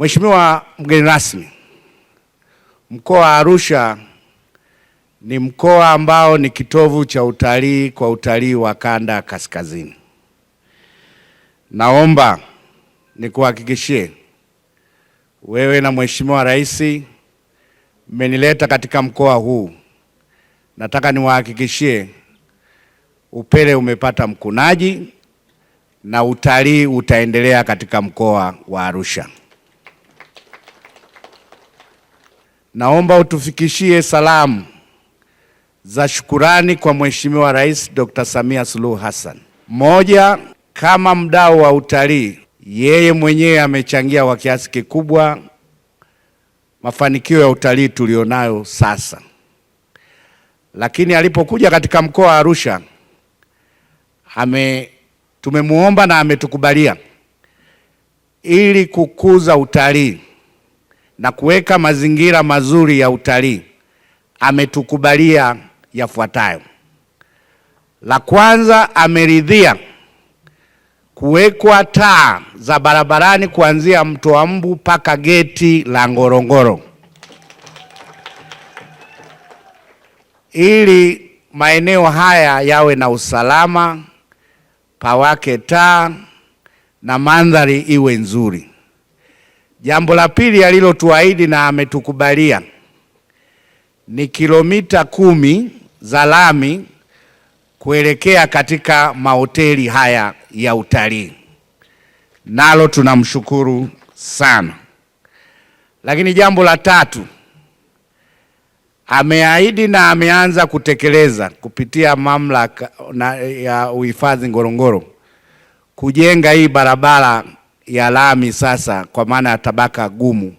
Mheshimiwa mgeni rasmi, mkoa wa Arusha ni mkoa ambao ni kitovu cha utalii kwa utalii wa kanda kaskazini. Naomba nikuhakikishie wewe na Mheshimiwa Rais mmenileta katika mkoa huu. Nataka niwahakikishie upele umepata mkunaji na utalii utaendelea katika mkoa wa Arusha. Naomba utufikishie salamu za shukurani kwa Mheshimiwa Rais Dr. Samia Suluhu Hassan. Moja, kama mdau wa utalii, yeye mwenyewe amechangia kwa kiasi kikubwa mafanikio ya utalii tulionayo sasa, lakini alipokuja katika mkoa wa Arusha ame tumemwomba na ametukubalia ili kukuza utalii na kuweka mazingira mazuri ya utalii ametukubalia yafuatayo. La kwanza, ameridhia kuwekwa taa za barabarani kuanzia Mto wa Mbu mpaka geti la Ngorongoro ili maeneo haya yawe na usalama, pawake taa na mandhari iwe nzuri. Jambo la pili alilotuahidi na ametukubalia ni kilomita kumi za lami kuelekea katika mahoteli haya ya utalii, nalo tunamshukuru sana. Lakini jambo la tatu ameahidi na ameanza kutekeleza kupitia mamlaka ya uhifadhi Ngorongoro kujenga hii barabara ya lami sasa, kwa maana ya tabaka gumu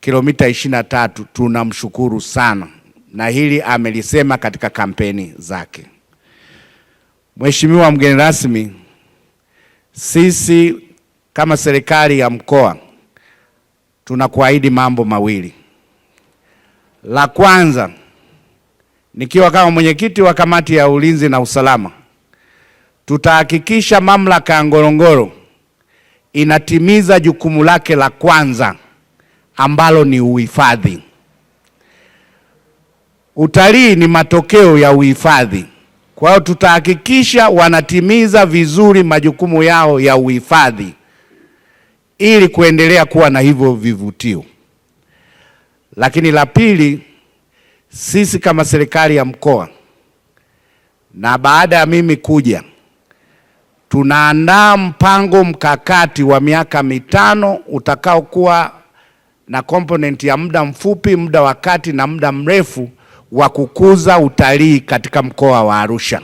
kilomita ishirini na tatu. Tunamshukuru sana, na hili amelisema katika kampeni zake. Mheshimiwa mgeni rasmi, sisi kama serikali ya mkoa tunakuahidi mambo mawili. La kwanza, nikiwa kama mwenyekiti wa kamati ya ulinzi na usalama, tutahakikisha mamlaka ya Ngorongoro inatimiza jukumu lake la kwanza ambalo ni uhifadhi. Utalii ni matokeo ya uhifadhi. Kwa hiyo tutahakikisha wanatimiza vizuri majukumu yao ya uhifadhi ili kuendelea kuwa na hivyo vivutio. Lakini la pili, sisi kama serikali ya mkoa na baada ya mimi kuja tunaandaa mpango mkakati wa miaka mitano utakaokuwa na komponenti ya muda mfupi, muda wa kati na muda mrefu wa kukuza utalii katika mkoa wa Arusha.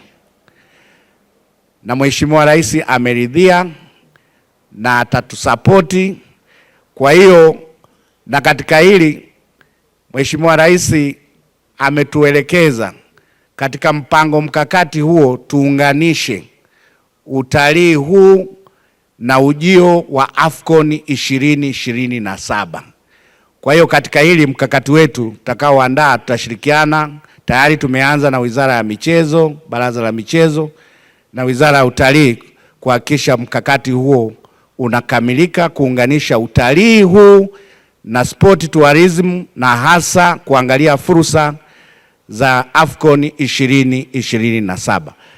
Na Mheshimiwa Rais ameridhia na atatusapoti. Kwa hiyo na katika hili Mheshimiwa Rais ametuelekeza katika mpango mkakati huo tuunganishe utalii huu na ujio wa AFCON 2027. Kwa hiyo katika hili mkakati wetu tutakaoandaa tutashirikiana, tayari tumeanza na Wizara ya Michezo, Baraza la Michezo na Wizara ya Utalii kuhakikisha mkakati huo unakamilika, kuunganisha utalii huu na sport tourism na hasa kuangalia fursa za AFCON 2027.